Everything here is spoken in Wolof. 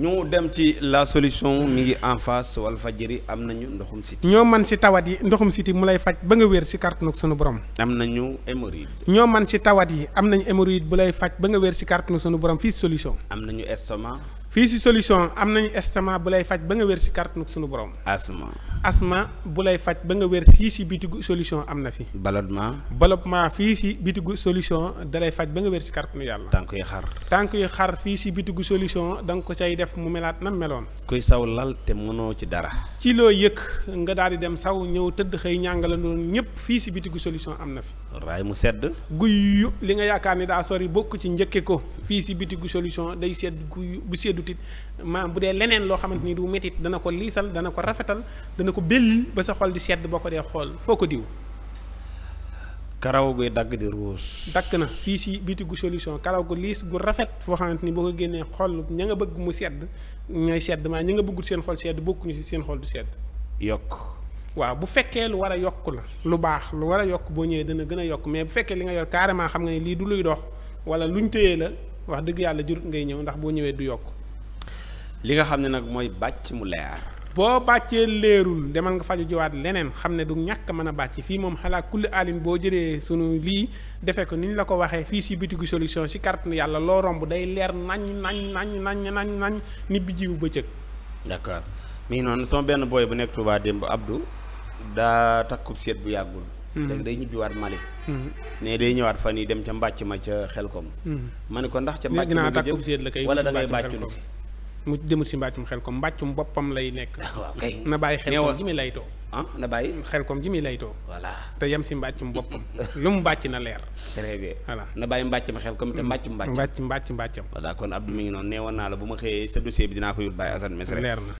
ñu dem ci la solution mi ngi en face Walfadjri am nañu ndoxum siti ñoo man si tawaat yi ndoxum siti mu lay faj ba nga wér si kàttanu ak sunu borom am nañu hémorroïde ñoo man si tawaat yi am nañu hémorroïde bu lay faj ba nga wér si kàttanu sunu borom fii si solution am nañu estomac fii si solution am nañu estomac bu lay faj ba nga wér si kàttanu ak sunu borom asma asma bu lay faj ba nga wér fii si bitigu solution am na fi. ballottement. ballottement fii si bitigu solution dalay faj ba nga wér si kàttanu yàlla. tànk yu xar. tànk yu xar fii si bitigu solution da ko cay def mu melaat na meloon. kuy saw lal te mënoo ci dara. ci loo yëkk nga daal di dem saw ñëw tëdd xëy ñàngale noonu ñëpp fii si bitigu solution am na fi. raay mu sedd. guy li nga yaakaar ni daa sori bokk ci njëkke ko fii si bitigu solution day sedd guy bu seddutit maanaam bu dee leneen loo xamante ni du métit dana ko liisal dana ko rafetal ko bell ba sa xol di sedd boo ko dee xool foo ko diw karaw guy dagg di ruus dakk na fii si bitigu solution karaw gu liis gu rafet foo xamante ni boo ko génnee xol ña nga bëgg mu sedd ñooy sedd maa ña nga bëggul seen xol sedd bokkuñu si seen xol di sedd yokk waaw bu fekkee lu war a yokk la lu baax lu war a yokk boo ñëwee dana gën a yokk mais bu fekkee li nga yor carrément xam nga ne lii du luy dox wala luñ téye la wax dëgg yàlla jurut ngay ñëw ndax boo ñëwee du yokk li nga xam ne nag mooy bàcc mu leer boo bàccee leerul demal nga faju jiwaat leneen xam ne du ñàkk mën a bàcc fii moom xalaat kulli alin boo jëlee suñu lii defee ko ni ñu la ko waxee fii si bitigu solution si carte yàlla loo romb day leer nañ nañ nañ nañ nañ nañ ni bi jiwu bëccëg d'accord mi ngi noonu sama benn booy bu nekk Touba démb Abdou daa takkub seet bu yàggul hmm. léegi day ñibbiwaat Mali ne hmm. day ñëwaat fan yi dem ca mbàcc ma ca xel ko hmm. ma ne ko ndax ca mbàcc ma takku seet la kay wala da ngay bàccul si mu demul si mbàccum xel kom mbàccum boppam lay nekk. waaw kay na bàyyi xel kom ji muy laytoo. ah na bàyyi xel kom ji muy laytoo. voilà te yem si mbàccum boppam. lu mu mbàcc na leer. très bien voilà na bàyyi mbàccum xel kom te mbàccum mbàccam. mbàcc mbàcc mbàccam. voilà kon Abdou mi ngi noonu nee woon naa la bu ma xëyee sa dossier bi dinaa ko yul bàyyi Assane Mesre. leer na.